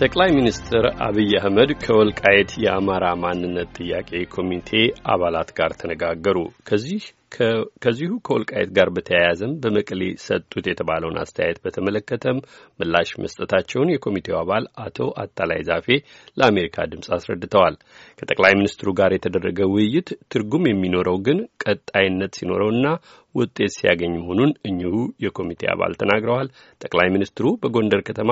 ጠቅላይ ሚኒስትር አብይ አህመድ ከወልቃየት የአማራ ማንነት ጥያቄ ኮሚቴ አባላት ጋር ተነጋገሩ። ከዚህ ከዚሁ ከወልቃይት ጋር በተያያዘም በመቀሌ ሰጡት የተባለውን አስተያየት በተመለከተም ምላሽ መስጠታቸውን የኮሚቴው አባል አቶ አታላይ ዛፌ ለአሜሪካ ድምፅ አስረድተዋል። ከጠቅላይ ሚኒስትሩ ጋር የተደረገ ውይይት ትርጉም የሚኖረው ግን ቀጣይነት ሲኖረውና ውጤት ሲያገኝ መሆኑን እኚሁ የኮሚቴ አባል ተናግረዋል። ጠቅላይ ሚኒስትሩ በጎንደር ከተማ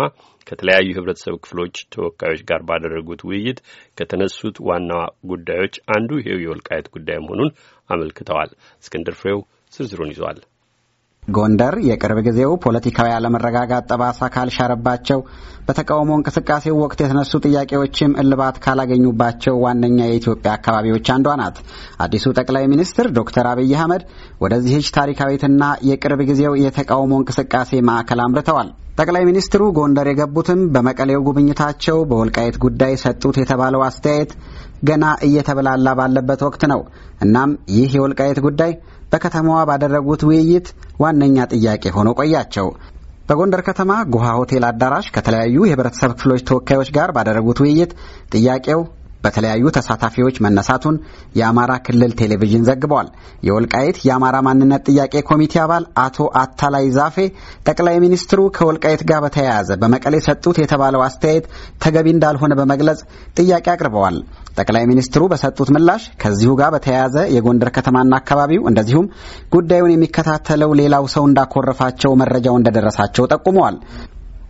ከተለያዩ የህብረተሰብ ክፍሎች ተወካዮች ጋር ባደረጉት ውይይት ከተነሱት ዋና ጉዳዮች አንዱ ይሄው የወልቃየት ጉዳይ መሆኑን አመልክተዋል። እስክንድር ፍሬው ዝርዝሩን ይዟል። ጎንደር የቅርብ ጊዜው ፖለቲካዊ አለመረጋጋት ጠባሳ ካልሻረባቸው በተቃውሞ እንቅስቃሴው ወቅት የተነሱ ጥያቄዎችም እልባት ካላገኙባቸው ዋነኛ የኢትዮጵያ አካባቢዎች አንዷ ናት። አዲሱ ጠቅላይ ሚኒስትር ዶክተር አብይ አህመድ ወደዚህች ታሪካዊትና የቅርብ ጊዜው የተቃውሞ እንቅስቃሴ ማዕከል አምርተዋል። ጠቅላይ ሚኒስትሩ ጎንደር የገቡትም በመቀሌው ጉብኝታቸው በወልቃየት ጉዳይ ሰጡት የተባለው አስተያየት ገና እየተበላላ ባለበት ወቅት ነው። እናም ይህ የወልቃየት ጉዳይ በከተማዋ ባደረጉት ውይይት ዋነኛ ጥያቄ ሆኖ ቆያቸው። በጎንደር ከተማ ጉሃ ሆቴል አዳራሽ ከተለያዩ የህብረተሰብ ክፍሎች ተወካዮች ጋር ባደረጉት ውይይት ጥያቄው በተለያዩ ተሳታፊዎች መነሳቱን የአማራ ክልል ቴሌቪዥን ዘግቧል። የወልቃይት የአማራ ማንነት ጥያቄ ኮሚቴ አባል አቶ አታላይ ዛፌ ጠቅላይ ሚኒስትሩ ከወልቃይት ጋር በተያያዘ በመቀሌ ሰጡት የተባለው አስተያየት ተገቢ እንዳልሆነ በመግለጽ ጥያቄ አቅርበዋል። ጠቅላይ ሚኒስትሩ በሰጡት ምላሽ ከዚሁ ጋር በተያያዘ የጎንደር ከተማና አካባቢው እንደዚሁም ጉዳዩን የሚከታተለው ሌላው ሰው እንዳኮረፋቸው መረጃው እንደደረሳቸው ጠቁመዋል።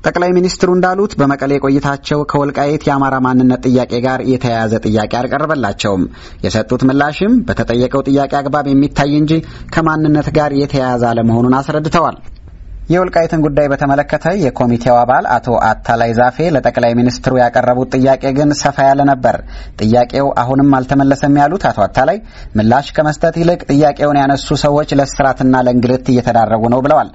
ጠቅላይ ሚኒስትሩ እንዳሉት በመቀሌ ቆይታቸው ከወልቃይት የአማራ ማንነት ጥያቄ ጋር የተያያዘ ጥያቄ አልቀረበላቸውም። የሰጡት ምላሽም በተጠየቀው ጥያቄ አግባብ የሚታይ እንጂ ከማንነት ጋር የተያያዘ አለመሆኑን አስረድተዋል። የወልቃይትን ጉዳይ በተመለከተ የኮሚቴው አባል አቶ አታላይ ዛፌ ለጠቅላይ ሚኒስትሩ ያቀረቡት ጥያቄ ግን ሰፋ ያለ ነበር። ጥያቄው አሁንም አልተመለሰም ያሉት አቶ አታላይ ምላሽ ከመስጠት ይልቅ ጥያቄውን ያነሱ ሰዎች ለእስራትና ለእንግልት እየተዳረጉ ነው ብለዋል።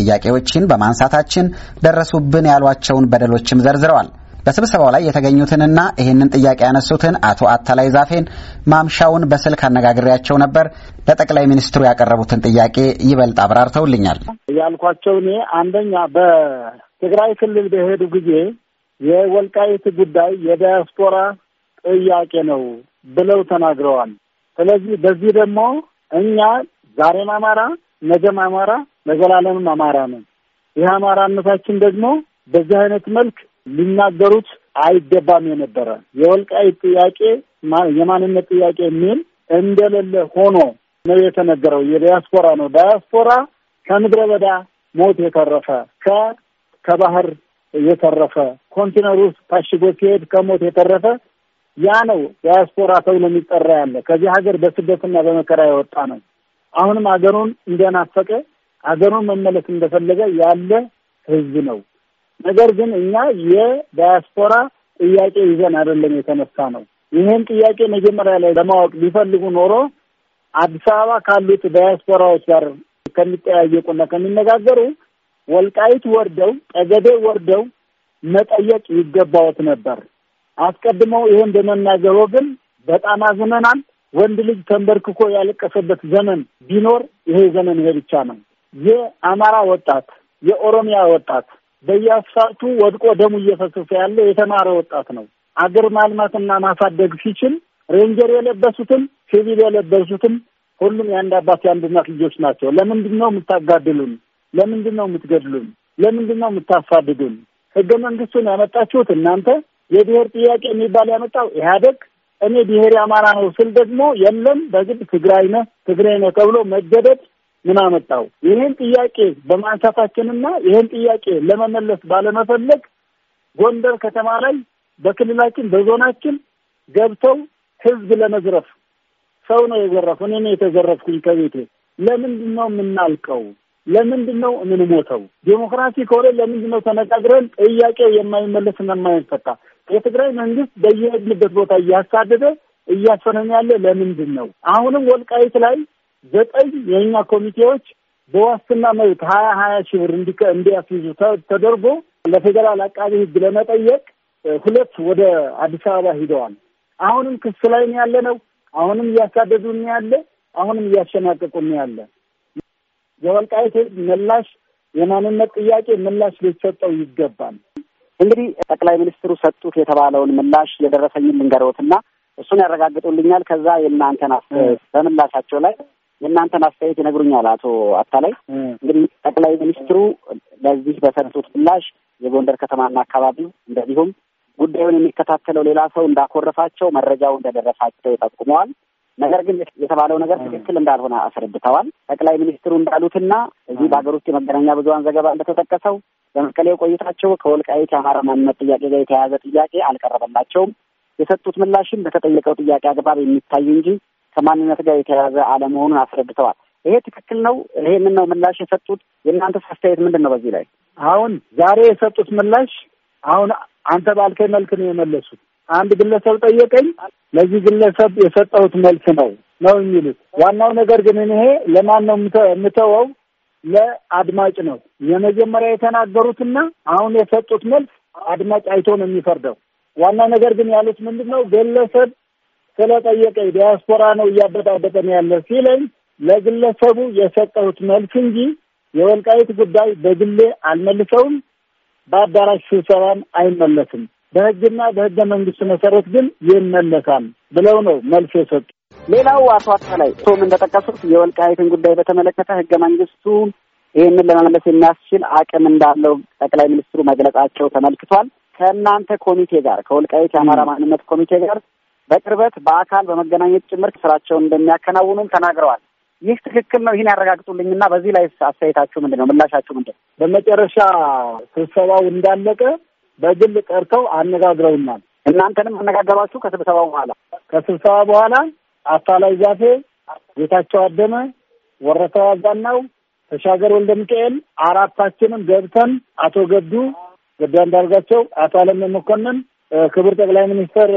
ጥያቄዎችን በማንሳታችን ደረሱብን ያሏቸውን በደሎችም ዘርዝረዋል። በስብሰባው ላይ የተገኙትንና ይህንን ጥያቄ ያነሱትን አቶ አታላይ ዛፌን ማምሻውን በስልክ አነጋግሬያቸው ነበር። ለጠቅላይ ሚኒስትሩ ያቀረቡትን ጥያቄ ይበልጥ አብራርተውልኛል። ያልኳቸው እኔ አንደኛ በትግራይ ክልል በሄዱ ጊዜ የወልቃይት ጉዳይ የዲያስፖራ ጥያቄ ነው ብለው ተናግረዋል። ስለዚህ በዚህ ደግሞ እኛ ዛሬም አማራ፣ ነገም አማራ፣ ለዘላለምም አማራ ነው። ይህ አማራነታችን ደግሞ በዚህ አይነት መልክ ሊናገሩት አይገባም የነበረ የወልቃይት ጥያቄ የማንነት ጥያቄ የሚል እንደሌለ ሆኖ ነው የተነገረው። የዲያስፖራ ነው። ዲያስፖራ ከምድረ በዳ ሞት የተረፈ ከ ከባህር የተረፈ ኮንቴነር ውስጥ ታሽጎ ሲሄድ ከሞት የተረፈ ያ ነው ዲያስፖራ ተብሎ የሚጠራ ያለ ከዚህ ሀገር በስደትና በመከራ የወጣ ነው። አሁንም ሀገሩን እንደናፈቀ ሀገሩን መመለስ እንደፈለገ ያለ ህዝብ ነው። ነገር ግን እኛ የዳያስፖራ ጥያቄ ይዘን አይደለም የተነሳ ነው። ይህን ጥያቄ መጀመሪያ ላይ ለማወቅ ቢፈልጉ ኖሮ አዲስ አበባ ካሉት ዳያስፖራዎች ጋር ከሚጠያየቁና ከሚነጋገሩ ወልቃይት ወርደው ጠገዴ ወርደው መጠየቅ ይገባዎት ነበር። አስቀድመው ይህን በመናገሮ ግን በጣም አዝነናል። ወንድ ልጅ ተንበርክኮ ያለቀሰበት ዘመን ቢኖር ይሄ ዘመን ይሄ ብቻ ነው። የአማራ ወጣት፣ የኦሮሚያ ወጣት በየአስፋልቱ ወድቆ ደሙ እየፈሰሰ ያለ የተማረ ወጣት ነው። አገር ማልማትና ማሳደግ ሲችል ሬንጀር የለበሱትም ሲቪል የለበሱትም ሁሉም የአንድ አባት የአንድ እናት ልጆች ናቸው። ለምንድን ነው የምታጋድሉን? ለምንድን ነው የምትገድሉን? ለምንድን ነው የምታሳድዱን? ህገ መንግስቱን ያመጣችሁት እናንተ። የብሔር ጥያቄ የሚባል ያመጣው ኢህአደግ። እኔ ብሔር የአማራ ነው ስል ደግሞ የለም በግድ ትግራይ ነህ ነህ ተብሎ መገደድ ምን አመጣው? ይህን ጥያቄ በማንሳታችንና ይህን ጥያቄ ለመመለስ ባለመፈለግ ጎንደር ከተማ ላይ በክልላችን በዞናችን ገብተው ህዝብ ለመዝረፍ ሰው ነው የዘረፉ። እኔ ነው የተዘረፍኩኝ ከቤቴ። ለምንድን ነው የምናልቀው? ለምንድን ነው የምንሞተው? ዴሞክራሲ ከሆነ ለምንድን ነው ተነጋግረን ጥያቄ የማይመለስና የማይፈታ? የትግራይ መንግስት በየሄድንበት ቦታ እያሳደደ እያፈነን ያለ ለምንድን ነው? አሁንም ወልቃይት ላይ ዘጠኝ የእኛ ኮሚቴዎች በዋስትና መብት ሀያ ሀያ ሺህ ብር እንዲያስይዙ ተደርጎ ለፌዴራል አቃቢ ህግ ለመጠየቅ ሁለት ወደ አዲስ አበባ ሂደዋል። አሁንም ክስ ላይ ነው ያለ ነው። አሁንም እያሳደዱ ነው ያለ፣ አሁንም እያሸናቀቁ ነው ያለ። የወልቃይት ሕዝብ ምላሽ የማንነት ጥያቄ ምላሽ ሊሰጠው ይገባል። እንግዲህ ጠቅላይ ሚኒስትሩ ሰጡት የተባለውን ምላሽ የደረሰኝን ልንገረውትና እሱን ያረጋግጡልኛል። ከዛ የእናንተን በምላሻቸው ላይ የእናንተን አስተያየት ይነግሩኛል። አቶ አታላይ እንግዲህ ጠቅላይ ሚኒስትሩ ለዚህ በሰጡት ምላሽ የጎንደር ከተማና አካባቢው እንደዚሁም ጉዳዩን የሚከታተለው ሌላ ሰው እንዳኮረፋቸው መረጃው እንደደረሳቸው ጠቁመዋል። ነገር ግን የተባለው ነገር ትክክል እንዳልሆነ አስረድተዋል። ጠቅላይ ሚኒስትሩ እንዳሉትና እዚህ በሀገር ውስጥ የመገናኛ ብዙኃን ዘገባ እንደተጠቀሰው በመቀሌው ቆይታቸው ከወልቃይት የአማራ ማንነት ጥያቄ ጋር የተያያዘ ጥያቄ አልቀረበላቸውም። የሰጡት ምላሽም በተጠየቀው ጥያቄ አግባብ የሚታይ እንጂ ከማንነት ጋር የተያያዘ አለመሆኑን አስረድተዋል። ይሄ ትክክል ነው። ይሄንን ነው ምላሽ የሰጡት። የእናንተ አስተያየት ምንድን ነው በዚህ ላይ? አሁን ዛሬ የሰጡት ምላሽ አሁን አንተ ባልከኝ መልክ ነው የመለሱት። አንድ ግለሰብ ጠየቀኝ፣ ለዚህ ግለሰብ የሰጠሁት መልክ ነው ነው የሚሉት። ዋናው ነገር ግን ይሄ ለማን ነው የምተወው? ለአድማጭ ነው። የመጀመሪያ የተናገሩትና አሁን የሰጡት መልስ አድማጭ አይቶ ነው የሚፈርደው። ዋናው ነገር ግን ያሉት ምንድን ነው? ግለሰብ ስለጠየቀኝ ዲያስፖራ ነው እያበጣበጠን ያለ ሲለኝ ለግለሰቡ የሰጠሁት መልስ እንጂ የወልቃይት ጉዳይ በግሌ አልመልሰውም። በአዳራሽ ስብሰባም አይመለስም። በህግና በህገ መንግስት መሰረት ግን ይመለሳል ብለው ነው መልስ የሰጡ። ሌላው አቶ አታላይ እቶም እንደጠቀሱት የወልቃይትን ጉዳይ በተመለከተ ህገ መንግስቱ ይህንን ለመመለስ የሚያስችል አቅም እንዳለው ጠቅላይ ሚኒስትሩ መግለጻቸው ተመልክቷል። ከእናንተ ኮሚቴ ጋር ከወልቃይት የአማራ ማንነት ኮሚቴ ጋር በቅርበት በአካል በመገናኘት ጭምር ስራቸውን እንደሚያከናውኑም ተናግረዋል። ይህ ትክክል ነው? ይህን ያረጋግጡልኝ እና በዚህ ላይ አስተያየታችሁ ምንድን ነው? ምላሻችሁ ምንድን ነው? በመጨረሻ ስብሰባው እንዳለቀ በግል ጠርተው አነጋግረውናል። እናንተንም አነጋገሯችሁ? ከስብሰባው በኋላ ከስብሰባ በኋላ አታላይ ዛፌ፣ ጌታቸው አደመ፣ ወረታ አዛናው፣ ተሻገር ወልደ ሚካኤል አራታችንም ገብተን አቶ ገዱ ገዱ አንዳርጋቸው፣ አቶ አለም መኮንን ክብር ጠቅላይ ሚኒስትር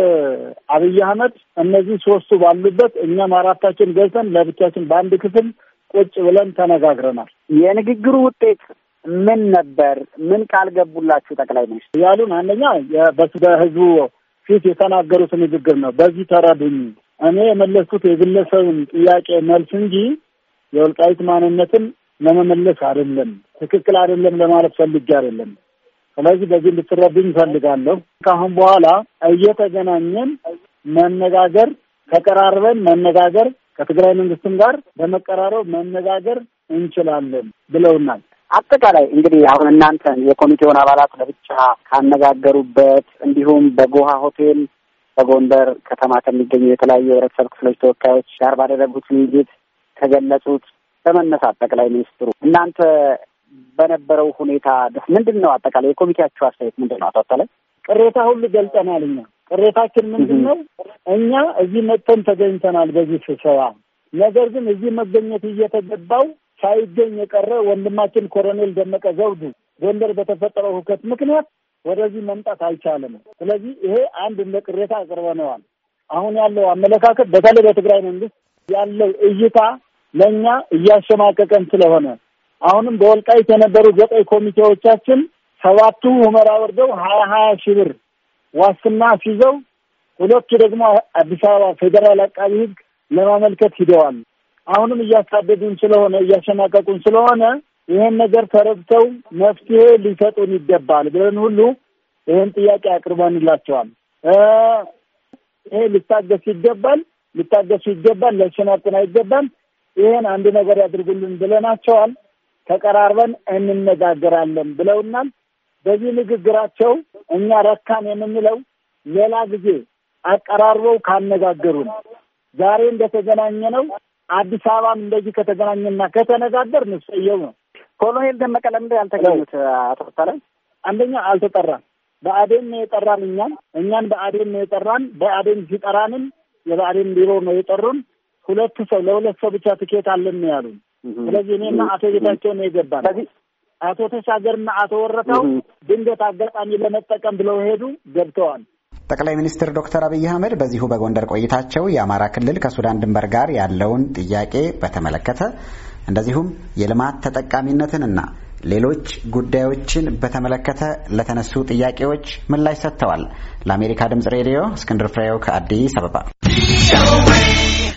አብይ አህመድ እነዚህ ሶስቱ ባሉበት እኛም አራታችን ገብተን ለብቻችን በአንድ ክፍል ቁጭ ብለን ተነጋግረናል። የንግግሩ ውጤት ምን ነበር? ምን ቃል ገቡላችሁ ጠቅላይ ሚኒስትር? ያሉን አንደኛ በህዝቡ ፊት የተናገሩት ንግግር ነው። በዚህ ተረዱኝ። እኔ የመለስኩት የግለሰብን ጥያቄ መልስ እንጂ የወልቃይት ማንነትን ለመመለስ አይደለም፣ ትክክል አይደለም ለማለት ፈልጌ አይደለም። ስለዚህ በዚህ ልትረዱኝ እፈልጋለሁ። ከአሁን በኋላ እየተገናኘን መነጋገር፣ ተቀራርበን መነጋገር፣ ከትግራይ መንግስትም ጋር በመቀራረብ መነጋገር እንችላለን ብለውናል። አጠቃላይ እንግዲህ አሁን እናንተን የኮሚቴውን አባላት ለብቻ ካነጋገሩበት እንዲሁም በጎሃ ሆቴል በጎንደር ከተማ ከሚገኙ የተለያዩ የህብረተሰብ ክፍሎች ተወካዮች ጋር ባደረጉት ውይይት ከገለጹት በመነሳት ጠቅላይ ሚኒስትሩ እናንተ በነበረው ሁኔታ ምንድን ነው አጠቃላይ የኮሚቴያቸው አስተያየት ምንድን ነው? አቶ አታላይ ቅሬታ ሁሉ ገልጠናል። እኛ ቅሬታችን ምንድን ነው? እኛ እዚህ መጥተን ተገኝተናል በዚህ ስብሰባ። ነገር ግን እዚህ መገኘት እየተገባው ሳይገኝ የቀረ ወንድማችን ኮሎኔል ደመቀ ዘውዱ ጎንደር በተፈጠረው ሁከት ምክንያት ወደዚህ መምጣት አልቻለም። ስለዚህ ይሄ አንድ እንደ ቅሬታ አቅርበነዋል። አሁን ያለው አመለካከት በተለይ በትግራይ መንግስት ያለው እይታ ለእኛ እያሸማቀቀን ስለሆነ አሁንም በወልቃይት የነበሩ ዘጠኝ ኮሚቴዎቻችን ሰባቱ ሁመራ ወርደው ሀያ ሀያ ሺህ ብር ዋስትና ሲይዘው ሁለቱ ደግሞ አዲስ አበባ ፌዴራል አቃቢ ህግ ለማመልከት ሂደዋል። አሁንም እያሳደዱን ስለሆነ እያሸማቀቁን ስለሆነ ይህን ነገር ተረድተው መፍትሄ ሊሰጡን ይገባል ብለን ሁሉ ይህን ጥያቄ አቅርበንላቸዋል። ይሄ ሊታገሱ ይገባል፣ ሊታገሱ ይገባል፣ ሊያሸማቁን አይገባም። ይህን አንድ ነገር ያድርጉልን ብለናቸዋል። ተቀራርበን እንነጋገራለን ብለውናል። በዚህ ንግግራቸው እኛ ረካን የምንለው ሌላ ጊዜ አቀራርበው ካነጋገሩን ዛሬ እንደተገናኘ ነው። አዲስ አበባም እንደዚህ ከተገናኘና ከተነጋገር ንሰየው ነው። ኮሎኔል ደመቀ ለምንድን ያልተገኙት? አቶ ታለን አንደኛ አልተጠራም። በአዴን ነው የጠራን እኛን እኛን በአዴን ነው የጠራን። በአዴን ሲጠራንም የበአዴን ቢሮ ነው የጠሩን። ሁለት ሰው ለሁለት ሰው ብቻ ትኬት አለን ያሉን ስለዚህ እኔና አቶ ጌታቸው ነው የገባ ነው። አቶ ተሻገርና አቶ ወረታው ድንገት አጋጣሚ ለመጠቀም ብለው ሄዱ፣ ገብተዋል። ጠቅላይ ሚኒስትር ዶክተር አብይ አህመድ በዚሁ በጎንደር ቆይታቸው የአማራ ክልል ከሱዳን ድንበር ጋር ያለውን ጥያቄ በተመለከተ እንደዚሁም የልማት ተጠቃሚነትንና ሌሎች ጉዳዮችን በተመለከተ ለተነሱ ጥያቄዎች ምላሽ ሰጥተዋል። ለአሜሪካ ድምጽ ሬዲዮ እስክንድር ፍሬው ከአዲስ አበባ